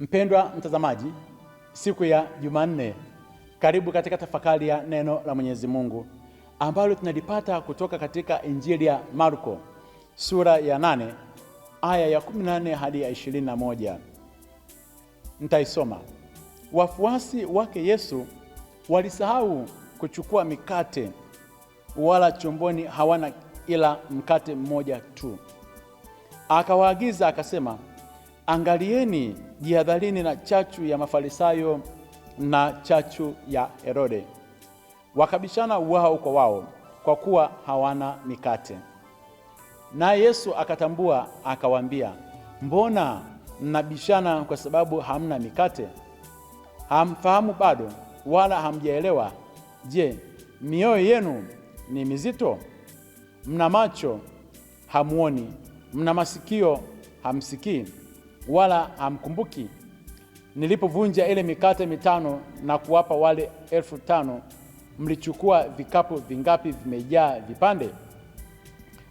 Mpendwa mtazamaji, siku ya Jumanne, karibu katika tafakari ya neno la Mwenyezi Mungu ambalo tunalipata kutoka katika Injili ya Marko sura ya nane aya ya 18 hadi ya 21. Nitaisoma. Wafuasi wake Yesu walisahau kuchukua mikate, wala chomboni hawana ila mkate mmoja tu. Akawaagiza akasema Angalieni, jihadharini na chachu ya Mafarisayo na chachu ya Herode. Wakabishana wao kwa wao, kwa kuwa hawana mikate. Naye Yesu akatambua, akawaambia, mbona mnabishana kwa sababu hamna mikate? Hamfahamu bado, wala hamjaelewa? Je, mioyo yenu ni mizito? Mna macho hamuoni? Mna masikio hamsikii? wala hamkumbuki nilipovunja ile mikate mitano na kuwapa wale elfu tano mlichukua vikapu vingapi vimejaa vipande?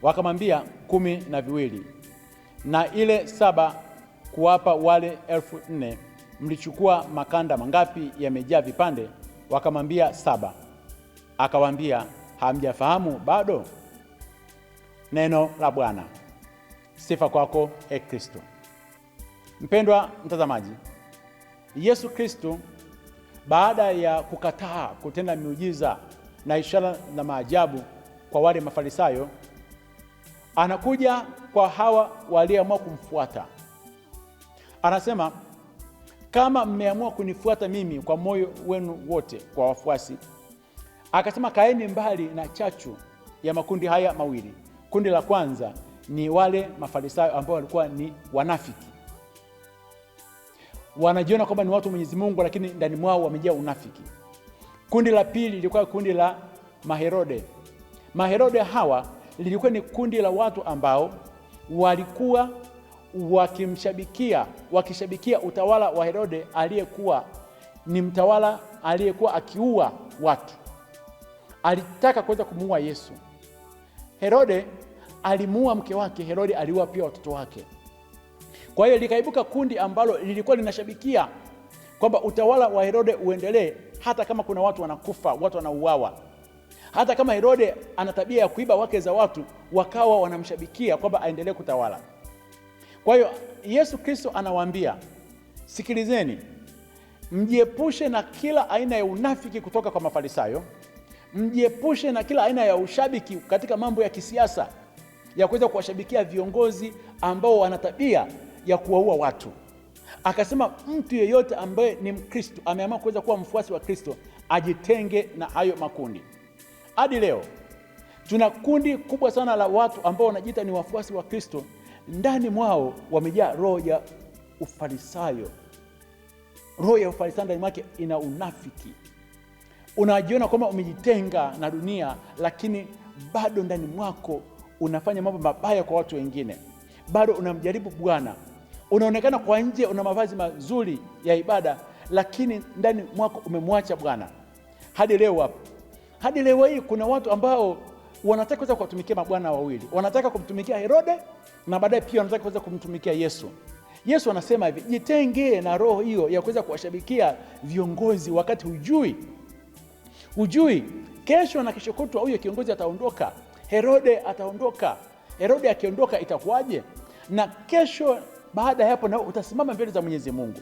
Wakamwambia kumi na viwili. Na ile saba kuwapa wale elfu nne mlichukua makanda mangapi yamejaa vipande? Wakamwambia saba. Akawaambia, hamjafahamu bado? Neno la Bwana. Sifa kwako, e Kristo. Mpendwa mtazamaji, Yesu Kristo baada ya kukataa kutenda miujiza na ishara na maajabu kwa wale Mafarisayo, anakuja kwa hawa walioamua kumfuata. Anasema, kama mmeamua kunifuata mimi kwa moyo wenu wote, kwa wafuasi, akasema kaeni mbali na chachu ya makundi haya mawili. Kundi la kwanza ni wale Mafarisayo ambao walikuwa ni wanafiki wanajiona kwamba ni watu Mwenyezi Mungu, lakini ndani mwao wamejaa unafiki. Kundi la pili lilikuwa kundi la Maherode. Maherode hawa lilikuwa ni kundi la watu ambao walikuwa wakimshabikia wakishabikia utawala wa Herode aliyekuwa ni mtawala aliyekuwa akiua watu, alitaka kuweza kumuua Yesu. Herode alimuua mke wake, Herode aliua pia watoto wake. Kwa hiyo likaibuka kundi ambalo lilikuwa linashabikia kwamba utawala wa Herode uendelee hata kama kuna watu wanakufa, watu wanauawa, hata kama Herode ana tabia ya kuiba wake za watu, wakawa wanamshabikia kwamba aendelee kutawala. Kwa hiyo Yesu Kristo anawaambia sikilizeni, mjiepushe na kila aina ya unafiki kutoka kwa Mafarisayo, mjiepushe na kila aina ya ushabiki katika mambo ya kisiasa ya kuweza kuwashabikia viongozi ambao wana tabia ya kuwaua watu. Akasema mtu yeyote ambaye ni Mkristo ameamua kuweza kuwa mfuasi wa Kristo ajitenge na hayo makundi. Hadi leo tuna kundi kubwa sana la watu ambao wanajiita ni wafuasi wa Kristo, ndani mwao wamejaa roho ya ufarisayo. Roho ya ufarisayo ndani mwake ina unafiki. Unajiona kwamba umejitenga na dunia, lakini bado ndani mwako unafanya mambo mabaya kwa watu wengine, bado unamjaribu Bwana unaonekana kwa nje una mavazi mazuri ya ibada, lakini ndani mwako umemwacha Bwana. Hadi leo hapa, hadi leo hii kuna watu ambao wanataka kuweza kuwatumikia mabwana wawili, wanataka kumtumikia Herode na baadaye pia wanataka kuweza kumtumikia Yesu. Yesu anasema hivi, jitenge na roho hiyo ya kuweza kuwashabikia viongozi, wakati hujui hujui kesho na kesho kutwa huyo kiongozi ataondoka, Herode ataondoka. Herode akiondoka itakuwaje? Na kesho baada ya hapo na utasimama mbele za Mwenyezi Mungu.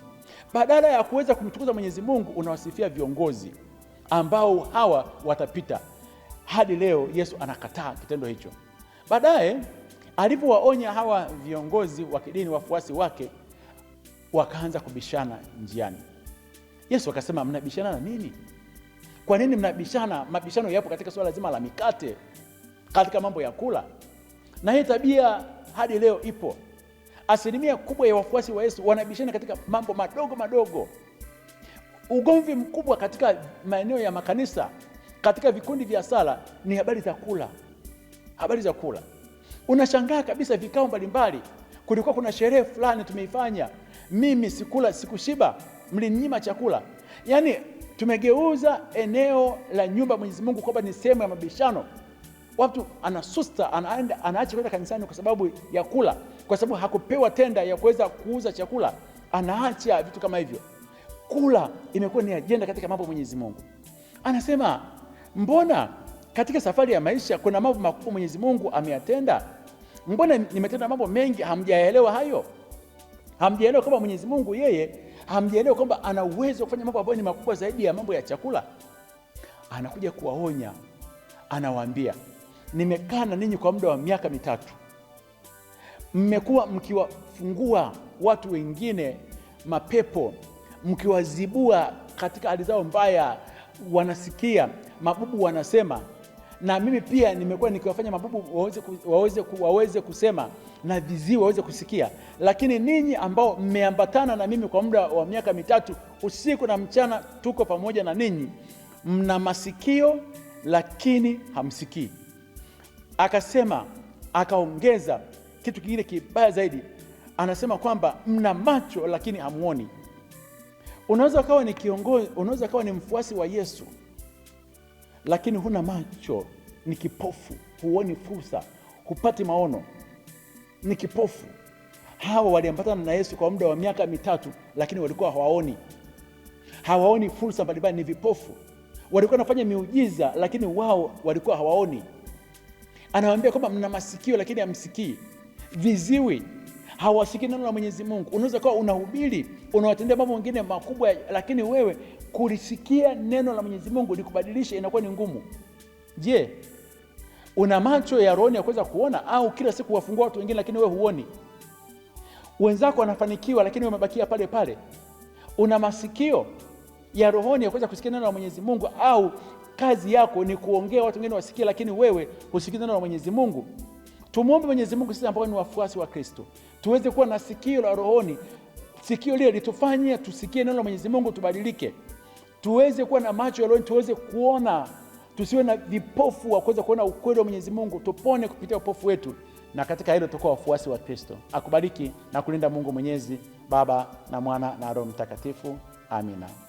Badala ya kuweza kumtukuza Mwenyezi Mungu, unawasifia viongozi ambao hawa watapita. Hadi leo Yesu anakataa kitendo hicho. Baadaye alivyowaonya hawa viongozi wa kidini, wafuasi wake wakaanza kubishana njiani. Yesu akasema, mnabishana na nini? Kwa nini mnabishana? Mabishano yapo katika suala zima la mikate, katika mambo ya kula, na hii tabia hadi leo ipo asilimia kubwa ya wafuasi wa Yesu wanabishana katika mambo madogo madogo. Ugomvi mkubwa katika maeneo ya makanisa, katika vikundi vya sala ni habari za kula, habari za kula. Unashangaa kabisa, vikao mbalimbali, kulikuwa kuna sherehe fulani tumeifanya, mimi sikula, sikushiba, mlinyima chakula. Yaani tumegeuza eneo la nyumba Mwenyezi Mungu kwamba ni sehemu ya mabishano. Watu anasusta, anaenda, anaacha kwenda kanisani kwa sababu ya kula kwa sababu hakupewa tenda ya kuweza kuuza chakula, anaacha vitu kama hivyo. Kula imekuwa ni ajenda katika mambo Mwenyezi Mungu. Anasema mbona katika safari ya maisha kuna mambo makubwa Mwenyezi Mungu ameyatenda, mbona nimetenda mambo mengi, hamjaelewa hayo, hamjaelewa kwamba Mwenyezi Mungu yeye, hamjaelewa kwamba ana uwezo wa kufanya mambo ambayo ni makubwa zaidi ya mambo ya chakula. Anakuja kuwaonya, anawaambia nimekaa na ninyi kwa muda wa miaka mitatu mmekuwa mkiwafungua watu wengine mapepo, mkiwazibua katika hali zao mbaya, wanasikia mabubu wanasema. Na mimi pia nimekuwa nikiwafanya mabubu waweze, waweze, waweze kusema na viziwi waweze kusikia. Lakini ninyi ambao mmeambatana na mimi kwa muda wa miaka mitatu, usiku na mchana tuko pamoja na ninyi, mna masikio lakini hamsikii. Akasema, akaongeza kitu kingine kibaya zaidi, anasema kwamba mna macho lakini hamuoni. Unaweza ukawa ni kiongozi, unaweza ukawa ni mfuasi wa Yesu lakini huna macho, ni kipofu, huoni fursa, hupati maono, ni kipofu. Hawa waliambatana na Yesu kwa muda wa miaka mitatu, lakini walikuwa hawaoni, hawaoni fursa mbalimbali, ni vipofu. Walikuwa wanafanya miujiza, lakini wao walikuwa hawaoni. Anawaambia kwamba mna masikio lakini hamsikii, viziwi, hawasikii neno la Mwenyezi Mungu. Unaweza kuwa unahubiri, unawatendea mambo mengine makubwa, lakini wewe kulisikia neno la Mwenyezi Mungu inakuwa ni ngumu. Je, una macho ya rohoni ya kuweza kuona, au kila siku wafungua watu wengine, lakini wewe huoni? Wenzako wanafanikiwa, lakini wamebakia pale pale. Una masikio ya rohoni ya kuweza kusikia neno la Mwenyezi Mungu, au kazi yako ni kuongea watu wengine wasikie, lakini wewe husikii neno la Mwenyezi Mungu? Tumwombe Mwenyezi Mungu sisi ambao ni wafuasi wa Kristo tuweze kuwa na sikio la rohoni, sikio lile litufanye tusikie neno la Mwenyezi Mungu, tubadilike, tuweze kuwa na macho ya rohoni, tuweze kuona, tusiwe na vipofu wa kuweza kuona ukweli wa Mwenyezi Mungu, tupone kupitia upofu wetu, na katika hilo tutakuwa wafuasi wa Kristo. Akubariki na kulinda Mungu Mwenyezi, Baba na Mwana na Roho Mtakatifu. Amina.